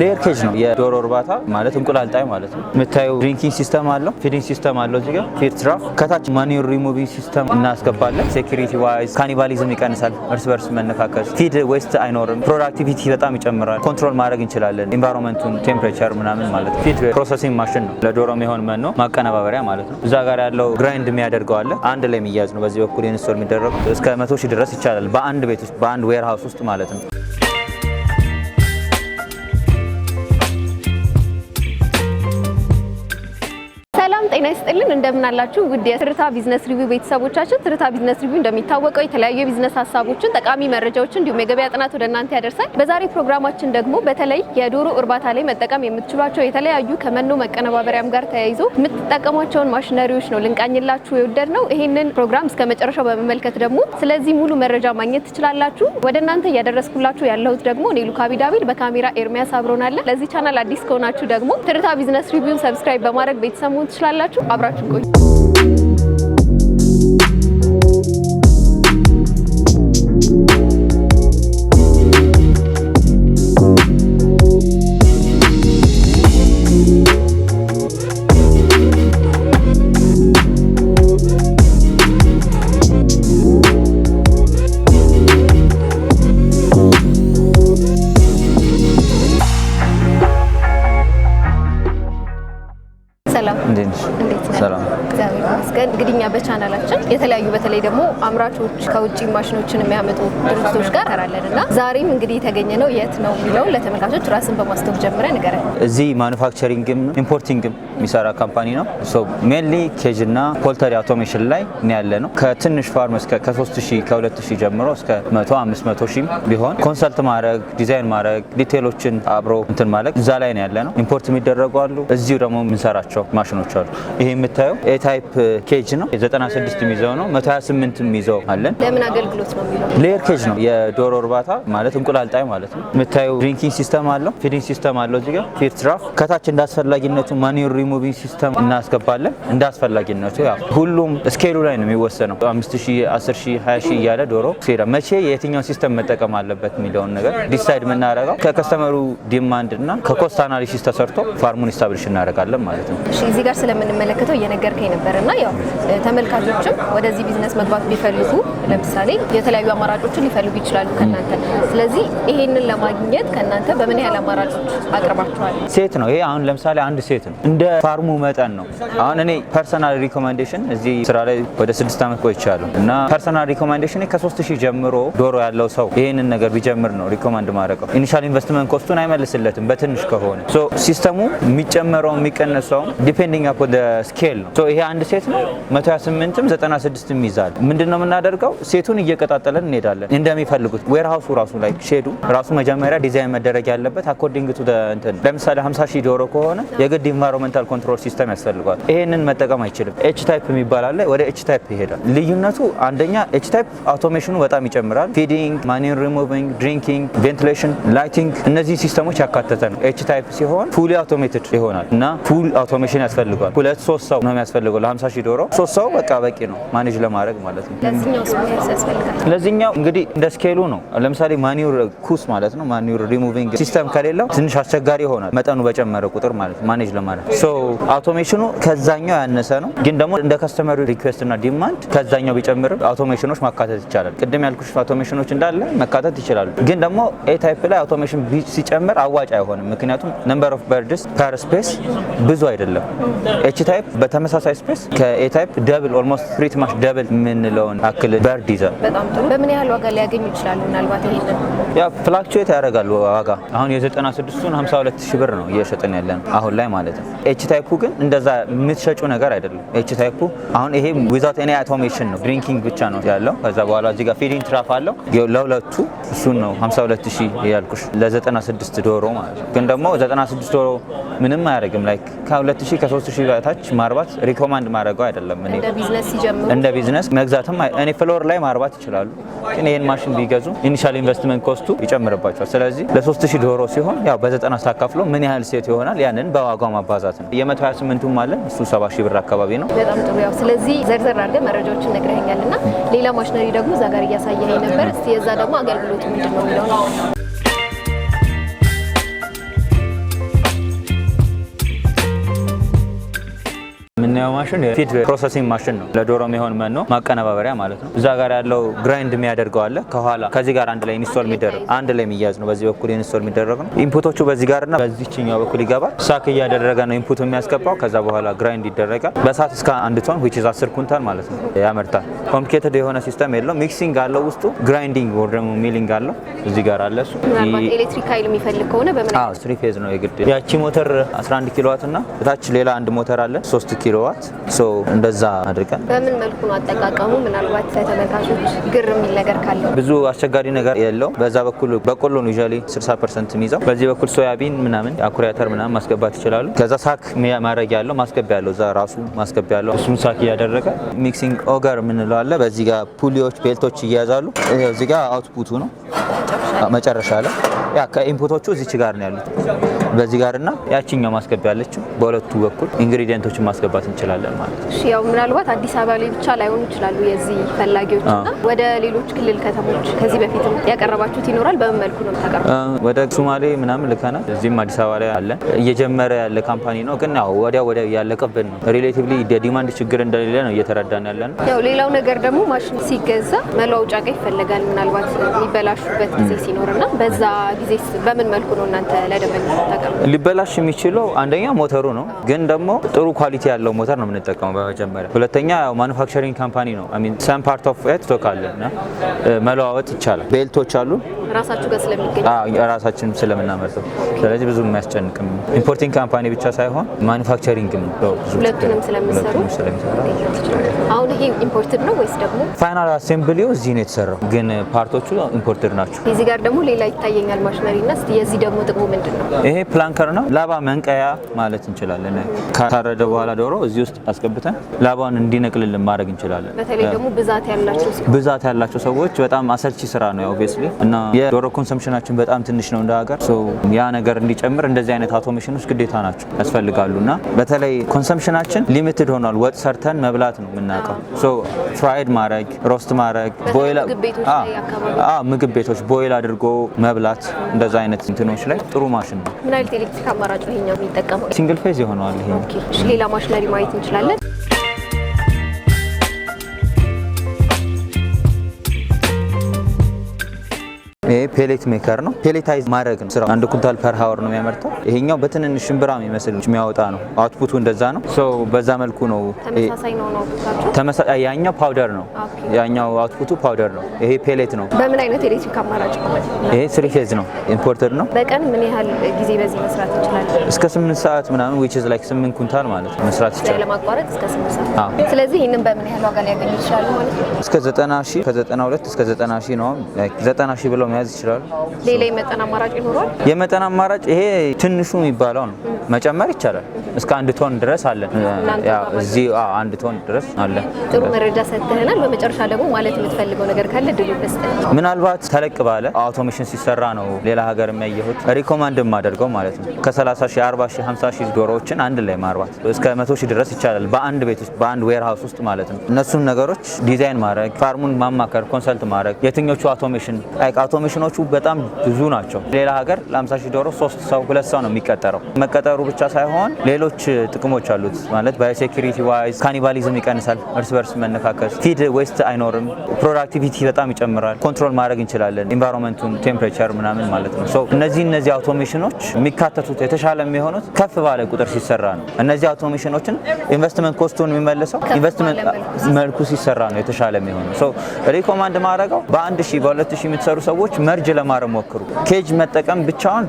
ሌየር ኬጅ ነው የዶሮ እርባታ ማለት እንቁላል ጣይ ማለት ነው። የምታየው ድሪንኪንግ ሲስተም አለው፣ ፊዲንግ ሲስተም አለው። እዚህ ጋር ፊድ ትራፍ ከታች ማኒር ሪሙቪንግ ሲስተም እናስገባለን። ሴኩሪቲ ዋይዝ ካኒባሊዝም ይቀንሳል፣ እርስ በርስ መነካከል፣ ፊድ ዌስት አይኖርም፣ ፕሮዳክቲቪቲ በጣም ይጨምራል። ኮንትሮል ማድረግ እንችላለን፣ ኢንቫይሮንመንቱን ቴምፕሬቸር ምናምን ማለት ነው። ፊድ ፕሮሰሲንግ ማሽን ነው ለዶሮ የሚሆን መኖ ማቀነባበሪያ ማለት ነው። እዛ ጋር ያለው ግራይንድ የሚያደርገው አለ፣ አንድ ላይ የሚያዝ ነው። በዚህ በኩል ኢንስቶል የሚደረጉ እስከ መቶ ሺህ ድረስ ይቻላል በአንድ ቤት ውስጥ በአንድ ዌርሃውስ ውስጥ ማለት ነው። ጤና ይስጥልን እንደምን አላችሁ? ውድ የትርታ ቢዝነስ ሪቪው ቤተሰቦቻችን፣ ትርታ ቢዝነስ ሪቪው እንደሚታወቀው የተለያዩ የቢዝነስ ሀሳቦችን፣ ጠቃሚ መረጃዎችን እንዲሁም የገበያ ጥናት ወደ እናንተ ያደርሳል። በዛሬ ፕሮግራማችን ደግሞ በተለይ የዶሮ እርባታ ላይ መጠቀም የምትችሏቸው የተለያዩ ከመኖ መቀነባበሪያም ጋር ተያይዞ የምትጠቀሟቸውን ማሽነሪዎች ነው ልንቃኝላችሁ የወደድ ነው። ይህንን ፕሮግራም እስከ መጨረሻው በመመልከት ደግሞ ስለዚህ ሙሉ መረጃ ማግኘት ትችላላችሁ። ወደ እናንተ እያደረስኩላችሁ ያለሁት ደግሞ እኔ ሉካ ቢዳቢል በካሜራ ኤርሚያስ አብሮናለን። ለዚህ ቻናል አዲስ ከሆናችሁ ደግሞ ትርታ ቢዝነስ ሪቪውን ሰብስክራይብ በማድረግ ቤተሰቡን ትችላላችሁ። ካላችሁ አብራችሁ ቆዩ። ከተለያዩ በተለይ ደግሞ አምራቾች ከውጭ ማሽኖችን የሚያመጡ ድርጅቶች ጋር እንሰራለን እና ዛሬም እንግዲህ የተገኘ ነው የት ነው የሚለውን ለተመልካቾች ራስን በማስተው ጀምረ ንገረ። እዚህ ማኑፋክቸሪንግም ኢምፖርቲንግም የሚሰራ ካምፓኒ ነው። ሜንሊ ኬጅ እና ፖልተሪ አውቶሜሽን ላይ ያለ ነው። ከትንሽ ፋርም እስከ ከ3000 ከ2000 ጀምሮ እስከ 100 500 ሺህ ቢሆን ኮንሰልት ማድረግ ዲዛይን ማድረግ ዲቴሎችን አብሮ እንትን ማለት እዛ ላይ ነው ያለ ነው። ኢምፖርት የሚደረጉ አሉ፣ እዚሁ ደግሞ የምንሰራቸው ማሽኖች አሉ። ይሄ የምታየው ኤ ታይፕ ኬጅ ነው። 96 የሚይዘው ነው። ነው። 128ም ይዘው አለን። ለምን አገልግሎት ነው የሚለው ሌየር ኬጅ ነው የዶሮ እርባታ ማለት እንቁላል ጣይ ማለት ነው። የምታየው ድሪንኪንግ ሲስተም አለው፣ ፊዲንግ ሲስተም አለው። እዚህ ጋር ፊድ ትራፍ ከታች እንዳስፈላጊነቱ ማኒር ሪሙቪንግ ሲስተም እናስገባለን። እንዳስፈላጊነቱ ያው ሁሉም ስኬሉ ላይ ነው የሚወሰነው። 5000፣ 10000፣ 20000 እያለ ዶሮ ሲሄዳ መቼ የትኛውን ሲስተም መጠቀም አለበት የሚለውን ነገር ዲሳይድ የምናደርገው ከከስተመሩ ዲማንድ እና ከኮስት አናሊሲስ ተሰርቶ ፋርሙን ስታብሊሽ እናደርጋለን ማለት ነው። እዚህ ጋር ስለምንመለከተው እየነገርከኝ ነበር እና ያው ተመልካቾችም ወደ ወደዚህ ቢዝነስ መግባት ቢፈልጉ ለምሳሌ የተለያዩ አማራጮችን ሊፈልጉ ይችላሉ ከእናንተ። ስለዚህ ይሄንን ለማግኘት ከእናንተ በምን ያህል አማራጮች አቅርባችኋል? ሴት ነው ይሄ አሁን ለምሳሌ አንድ ሴት ነው፣ እንደ ፋርሙ መጠን ነው። አሁን እኔ ፐርሰናል ሪኮመንዴሽን እዚህ ስራ ላይ ወደ ስድስት ዓመት ቆይቻለሁ እና ፐርሰናል ሪኮሜንዴሽን ከሶስት ሺህ ጀምሮ ዶሮ ያለው ሰው ይህንን ነገር ቢጀምር ነው ሪኮመንድ ማድረገው። ኢኒሻል ኢንቨስትመንት ኮስቱን አይመልስለትም በትንሽ ከሆነ ሲስተሙ የሚጨመረው የሚቀነሰውም ዲፔንዲንግ አፖን ስኬል ነው። ይሄ አንድ ሴት ነው 128ም 96 ዌስት ይዛል። ምንድን ነው የምናደርገው? ሴቱን እየቀጣጠለን እንሄዳለን እንደሚፈልጉት። ዌርሃውሱ ራሱ ላይ ሼዱ ራሱ መጀመሪያ ዲዛይን መደረግ ያለበት አኮርዲንግ ቱ እንትን ለምሳሌ 50 ሺህ ዶሮ ከሆነ የግድ ኢንቫይሮንመንታል ኮንትሮል ሲስተም ያስፈልጓል። ይሄንን መጠቀም አይችልም። ኤች ታይፕ የሚባል አለ። ወደ ኤች ታይፕ ይሄዳል። ልዩነቱ አንደኛ ኤች ታይፕ አውቶሜሽኑ በጣም ይጨምራል። ፊዲንግ፣ ማኒን ሪሙቪንግ፣ ድሪንኪንግ፣ ቬንቲሌሽን፣ ላይቲንግ እነዚህ ሲስተሞች ያካተተ ነው። ኤች ታይፕ ሲሆን ፉሊ አውቶሜትድ ይሆናል እና ፉል አውቶሜሽን ያስፈልጓል። ሁለት ሶስት ሰው ነው የሚያስፈልገው ለ50 ሺህ ዶሮ ሶስት ሰው በቃ በቂ ነው ማኔጅ ሜኔጅ ለማድረግ ማለት ነው። ለዚህኛው እንግዲህ እንደ ስኬሉ ነው። ለምሳሌ ማኒር ኩስ ማለት ነው። ማኒር ሪሙቪንግ ሲስተም ከሌለው ትንሽ አስቸጋሪ ይሆናል፣ መጠኑ በጨመረ ቁጥር ማለት ነው። ማኔጅ ለማድረግ ሶ አውቶሜሽኑ ከዛኛው ያነሰ ነው፣ ግን ደግሞ እንደ ከስተመሪ ሪኩዌስት እና ዲማንድ ከዛኛው ቢጨምርም አውቶሜሽኖች ማካተት ይቻላል። ቅድም ያልኩሽ አውቶሜሽኖች እንዳለ መካተት ይችላሉ። ግን ደግሞ ኤ ታይፕ ላይ አውቶሜሽን ሲጨምር አዋጭ አይሆንም፣ ምክንያቱም ነምበር ኦፍ በርድስ ፐር ስፔስ ብዙ አይደለም። ኤች ታይፕ በተመሳሳይ ስፔስ ከኤ ታይፕ ደብል ኦልሞስት ፕሪቲ ማች ደብል የምንለውን አክል በርድ ይዛል። በጣም ጥሩ። በምን ያህል ዋጋ ሊያገኙ ይችላሉ? ምናልባት ይሄንን ያው ፍላክቹዌት ያደርጋሉ ዋጋ። አሁን የ96ቱን 52 ሺህ ብር ነው እየሸጥን ያለን አሁን ላይ ማለት ነው። ኤች ታይፑ ግን እንደዛ የምትሸጩ ነገር አይደለም። ኤች ታይፑ አሁን ይሄ ዊዛውት ኤኒ አውቶሜሽን ነው፣ ድሪንኪንግ ብቻ ነው ያለው። ከዛ በኋላ እዚህ ጋር ፊዲንግ ትራፍ አለው ለሁለቱ። እሱን ነው 52 ሺህ ያልኩሽ ለ96 ዶሮ ማለት ነው። ግን ደግሞ 96 ዶሮ ምንም አያደርግም። ላይክ ከ2000 ከ3000 በታች ማርባት ሪኮማንድ ማድረገው አይደለም እንደ እንደ ቢዝነስ መግዛትም እኔ ፍሎር ላይ ማርባት ይችላሉ። ግን ይህን ማሽን ቢገዙ ኢኒሻል ኢንቨስትመንት ኮስቱ ይጨምርባቸዋል። ስለዚህ ለ3000 ዶሮ ሲሆን ያው በ90 ታካፍሎ ምን ያህል ሴት ይሆናል ያንን በዋጋው ማባዛት ነው። የ128ቱም አለ እሱ 70 ሺህ ብር አካባቢ ነው። በጣም ጥሩ ያው ስለዚህ ዘርዘር አድርገህ መረጃዎችን ነግረኸኛል እና ሌላ ማሽነሪ ደግሞ እዛ ጋር እያሳየኸኝ ነበር። እስቲ የዛ ደግሞ አገልግሎቱ ምንድን ነው የሚለው የምናየው ማሽን የፊድ ፕሮሰሲንግ ማሽን ነው። ለዶሮ የሚሆን መኖ ማቀነባበሪያ ማለት ነው። እዛ ጋር ያለው ግራይንድ የሚያደርገው አለ ከኋላ ከዚህ ጋር አንድ ላይ ኢንስቶል የሚደረግ አንድ ላይ የሚያዝ ነው። በዚህ በኩል ኢንስቶል የሚደረግ ነው። ኢንፑቶቹ በዚህ ጋርና በዚችኛው በኩል ይገባል። ሳክ እያደረገ ነው ኢንፑት የሚያስገባው። ከዛ በኋላ ግራይንድ ይደረጋል። በሰዓት እስከ አንድ ቶን ዊች ኢዝ አስር ኩንታል ማለት ነው ያመርታል። ኮምፕሊኬትድ የሆነ ሲስተም የለው። ሚክሲንግ አለው ውስጡ ግራይንዲንግ ወይ ደግሞ ሚሊንግ አለው እዚህ ጋር አለ። እሱ ኤሌክትሪክ ኃይል የሚፈልግ ከሆነ በምን? ስሪ ፌዝ ነው የግድ ያቺ ሞተር 11 ኪሎዋት እና ታች ሌላ አንድ ሞተር አለ 3 ኪሎ ምናልባት እንደዛ አድርገን በምን መልኩ ነው አጠቃቀሙ? ምናልባት ተመልካቾች ግር የሚል ነገር ካለው ብዙ አስቸጋሪ ነገር የለውም። በዛ በኩል በቆሎ ነው ዩዥዋሊ 60 ፐርሰንት የሚይዘው። በዚህ በኩል ሶያቢን ምናምን አኩሪ አተር ምናምን ማስገባት ይችላሉ። ከዛ ሳክ ማድረግ ያለው ማስገቢያ ያለው እዛ ራሱ ማስገቢያ ያለው እሱን ሳክ እያደረገ ሚክሲንግ ኦገር የምንለው አለ። በዚህ ጋር ፑሊዎች ቤልቶች እያያዛሉ። እዚህ ጋር አውትፑቱ ነው መጨረሻ ላይ ያ ከኢንፑቶቹ እዚች ጋር ነው ያሉት። በዚህ ጋር እና ያችኛው ማስገቢያ ያለችው በሁለቱ በኩል ኢንግሪዲየንቶች ማስገባት እንችላለን ማለት ነው። ያው ምናልባት አዲስ አበባ ላይ ብቻ ላይሆኑ ይችላሉ የዚህ ፈላጊዎች እና ወደ ሌሎች ክልል ከተሞች ከዚህ በፊት ያቀረባችሁት ይኖራል። በምን መልኩ ነው የምታቀርቡት? ወደ ሱማሌ ምናምን ልከናል። እዚህም አዲስ አበባ ላይ አለ። እየጀመረ ያለ ካምፓኒ ነው፣ ግን ያው ወዲያ ወዲያ እያለቀብን ነው። ሪሌቲቭሊ የዲማንድ ችግር እንደሌለ ነው እየተረዳን ያለ ነው። ያው ሌላው ነገር ደግሞ ማሽን ሲገዛ መለዋወጫ ዕቃ ይፈለጋል። ምናልባት የሚበላሹበት ጊዜ ሲኖር እና በዛ ጊዜ በምን መልኩ ነው እናንተ ለደንበኛ ሊበላሽ የሚችለው አንደኛ ሞተሩ ነው፣ ግን ደግሞ ጥሩ ኳሊቲ ያለው ሞተር ነው የምንጠቀመው በመጀመሪያ። ሁለተኛ ማኑፋክቸሪንግ ካምፓኒ ነው ሰም ፓርት ኦፍ ኤት ስቶክ እና መለዋወጥ ይቻላል። ቤልቶች አሉ ራሳችን ስለምናመርተው፣ ስለዚህ ብዙ የሚያስጨንቅም ኢምፖርቲንግ ካምፓኒ ብቻ ሳይሆን ማኑፋክቸሪንግም ነው ሁለቱንም ስለሚሰሩ አሁን ይሄ ኢምፖርትድ ነው ወይስ ደግሞ ፋይናል አሴምብሊው እዚህ ነው የተሰራው፣ ግን ፓርቶቹ ኢምፖርትድ ናቸው። እዚህ ጋር ደግሞ ሌላ ይታየኛል ማሽነሪ እና የዚህ ደግሞ ጥቅሙ ምንድን ነው? ፕላንከር ነው። ላባ መንቀያ ማለት እንችላለን። ካረደ በኋላ ዶሮ እዚህ ውስጥ አስገብተን ላባውን እንዲነቅልልን ማድረግ እንችላለን። በተለይ ደግሞ ብዛት ያላቸው ሰዎች በጣም አሰልቺ ስራ ነው ኦብቪየስሊ እና የዶሮ ኮንሰምፕሽናችን በጣም ትንሽ ነው እንደ ሀገር። ያ ነገር እንዲጨምር እንደዚህ አይነት አውቶሜሽኖች ግዴታ ናቸው ያስፈልጋሉ። እና በተለይ ኮንሰምፕሽናችን ሊሚትድ ሆኗል። ወጥ ሰርተን መብላት ነው የምናውቀው። ፍራይድ ማድረግ፣ ሮስት ማድረግ፣ ምግብ ቤቶች ቦይል አድርጎ መብላት እንደዛ አይነት እንትኖች ላይ ጥሩ ማሽን ነው። ናይል ኤሌክትሪክ አማራጭ ይሄኛው የሚጠቀመው ሲንግል ፌዝ ይሆነዋል። ይሄ ሌላ ማሽነሪ ማየት እንችላለን። ይሄ ፔሌት ሜከር ነው። ፔሌታይዝ ማድረግ ነው ስራው። አንድ ኩንታል ፐር ሀወር ነው የሚያመርተው። ይሄኛው በትንንሽ ሽንብራ የሚመስል የሚያወጣ ነው። አውትፑቱ እንደዛ ነው። ሰው በዛ መልኩ ነው። ተመሳሳይ ያኛው ፓውደር ነው። ያኛው አውትፑቱ ፓውደር ነው። ይሄ ፔሌት ነው። በምን አይነት ኤሌክትሪክ አማራጭ ይሄ ስሪ ፌዝ ነው። ኢምፖርተር ነው። በቀን ምን ያህል ጊዜ በዚህ መስራት ይችላል? እስከ ስምንት ሰዓት ምናምን ዊች ኢዝ ላይክ ስምንት ኩንታል ማለት ነው መስራት ይችላል። ለማቋረጥ እስከ ስምንት ሰዓት። ስለዚህ ይህንን በምን ያህል ዋጋ ሊያገኝ ይችላል ማለት ነው? እስከ ዘጠና ሺህ ከዘጠና ሁለት እስከ ዘጠና ሺህ ነው። ዘጠና ሺህ ብለው መያዝ ይችላሉ። ሌላ የመጠን አማራጭ ይኖራል። የመጠን አማራጭ ይሄ ትንሹ የሚባለው ነው። መጨመር ይቻላል። እስከ አንድ ቶን ድረስ አለን። እዚህ አንድ ቶን ድረስ አለን። ጥሩ መረጃ ሰጥተህናል። በመጨረሻ ደግሞ ማለት የምትፈልገው ነገር ካለ ድሉ ምናልባት ተለቅ ባለ አውቶሜሽን ሲሰራ ነው ሌላ ሀገር የሚያየሁት ሪኮማንድ የማደርገው ማለት ነው ከ30 ሺህ 40 ሺህ 50 ሺህ ዶሮዎችን አንድ ላይ ማርባት እስከ 100 ሺህ ድረስ ይቻላል። በአንድ ቤት ውስጥ በአንድ ዌርሃውስ ውስጥ ማለት ነው። እነሱን ነገሮች ዲዛይን ማድረግ፣ ፋርሙን ማማከር፣ ኮንሰልት ማድረግ የትኞቹ አውቶሜሽን አውቶሜሽኖቹ በጣም ብዙ ናቸው። ሌላ ሀገር ለ50 ሺህ ዶሮ ሶስት ሰው ሁለት ሰው ነው የሚቀጠረው መቀጠሩ ብቻ ሳይሆን ሌሎ ሌሎች ጥቅሞች አሉት። ማለት ባዮሴኪሪቲ ዋይዝ ካኒባሊዝም ይቀንሳል፣ እርስ በርስ መነካከስ፣ ፊድ ዌስት አይኖርም፣ ፕሮዳክቲቪቲ በጣም ይጨምራል፣ ኮንትሮል ማድረግ እንችላለን ኢንቫይሮንመንቱን፣ ቴምፕሬቸር ምናምን ማለት ነው። እነዚህ እነዚህ አውቶሜሽኖች የሚካተቱት የተሻለ የሚሆኑት ከፍ ባለ ቁጥር ሲሰራ ነው። እነዚህ አውቶሜሽኖችን ኢንቨስትመንት ኮስቱን የሚመልሰው ኢንቨስትመንት መልኩ ሲሰራ ነው የተሻለ የሚሆነው። ሪኮማንድ ማድረገው በአንድ ሺህ በሁለት ሺህ የምትሰሩ ሰዎች መርጅ ለማድረግ ሞክሩ። ኬጅ መጠቀም ብቻውን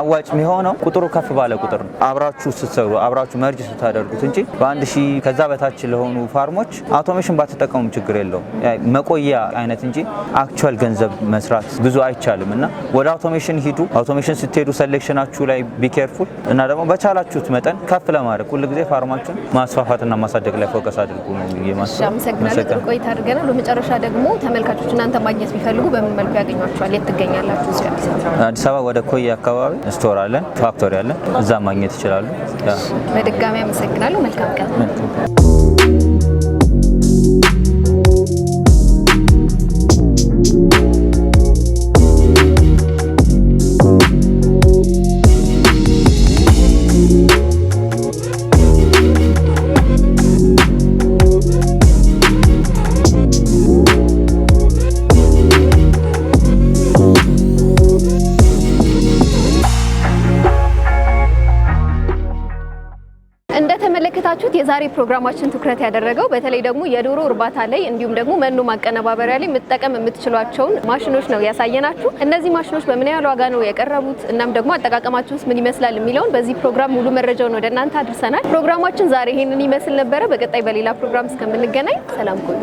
አዋጭ የሚሆነው ቁጥሩ ከፍ ባለ ቁጥር ነው። አብራችሁ ስትሰሩ አብራችሁ መርጅ ስታደርጉት እንጂ በአንድ ሺህ ከዛ በታች ለሆኑ ፋርሞች አውቶሜሽን ባትጠቀሙ ችግር የለውም። መቆያ አይነት እንጂ አክቹዋል ገንዘብ መስራት ብዙ አይቻልም እና ወደ አውቶሜሽን ሂዱ። አውቶሜሽን ስትሄዱ ሰሌክሽናችሁ ላይ ቢኬርፉል እና ደግሞ በቻላችሁት መጠን ከፍ ለማድረግ ጊዜ ፋርማችን ማስፋፋትና ማሳደግ ላይ ፎከስ አድርጉ ነው የማስመሰግናለሁ። ጥሩ ቆይታ አድርገናል። በመጨረሻ ደግሞ ተመልካቾች እናንተ ማግኘት ቢፈልጉ በምን መልኩ ያገኟቸዋል? የት ትገኛላችሁ? አዲስ አበባ ወደ ኮዬ አካባቢ ስቶር አለን፣ ፋክቶሪ አለን። እዛ ማግኘት ይችላሉ። በድጋሚ አመሰግናለሁ። መልካም ቀን። የዛሬ ፕሮግራማችን ትኩረት ያደረገው በተለይ ደግሞ የዶሮ እርባታ ላይ እንዲሁም ደግሞ መኖ ማቀነባበሪያ ላይ መጠቀም የምትችሏቸውን ማሽኖች ነው ያሳየናችሁ። እነዚህ ማሽኖች በምን ያህል ዋጋ ነው የቀረቡት እናም ደግሞ አጠቃቀማቸውስ ውስጥ ምን ይመስላል የሚለውን በዚህ ፕሮግራም ሙሉ መረጃውን ወደ እናንተ አድርሰናል። ፕሮግራማችን ዛሬ ይሄንን ይመስል ነበረ። በቀጣይ በሌላ ፕሮግራም እስከምንገናኝ ሰላም ቆዩ።